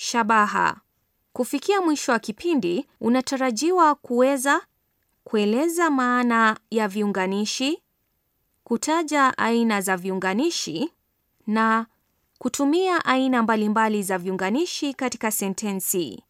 Shabaha: kufikia mwisho wa kipindi, unatarajiwa kuweza kueleza maana ya viunganishi, kutaja aina za viunganishi na kutumia aina mbalimbali za viunganishi katika sentensi.